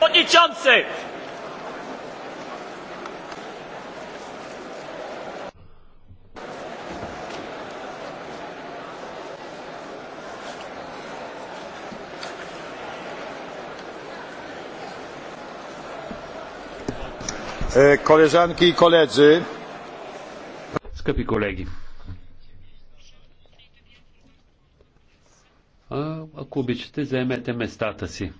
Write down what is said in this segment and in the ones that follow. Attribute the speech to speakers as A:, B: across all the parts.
A: przewodniczący! E, koleżanki i koledzy. Скъпи колеги, ако обичате, заемете местата си.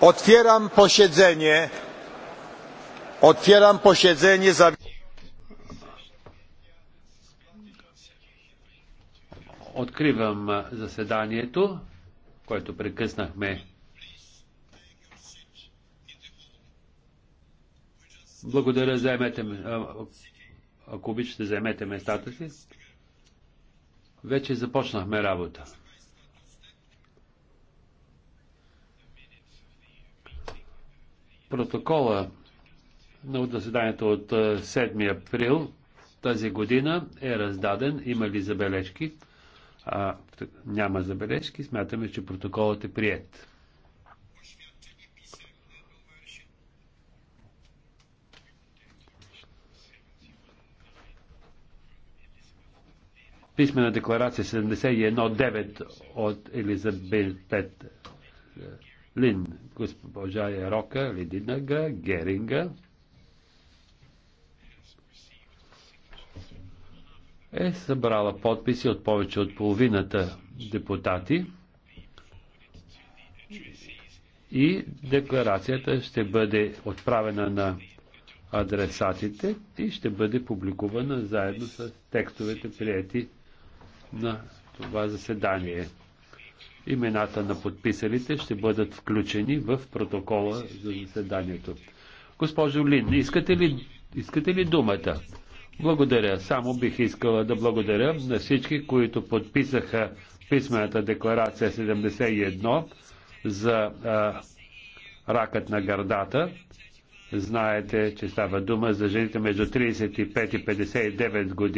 A: Otwieram posiedzenie. Otwieram posiedzenie. Откривам заседанието, което прекъснахме. Благодаря, заемете, ако обичате, заемете местата си. Вече започнахме работа. Протокола на заседанието от 7 април тази година е раздаден. Има ли забележки? А, няма забележки. Смятаме, че протоколът е прият. писмена декларация 71.9 от Елизабет Лин госпожа Ерока, Лединага, Геринга е събрала подписи от повече от половината депутати и декларацията ще бъде отправена на адресатите и ще бъде публикувана заедно с текстовете прияти на това заседание. Имената на подписалите ще бъдат включени в протокола за заседанието. Госпожо Лин, искате ли, искате ли думата? Благодаря. Само бих искала да благодаря на всички, които подписаха писмената декларация 71 за а, ракът на гърдата. Знаете, че става дума за жените между 35 и 59 години.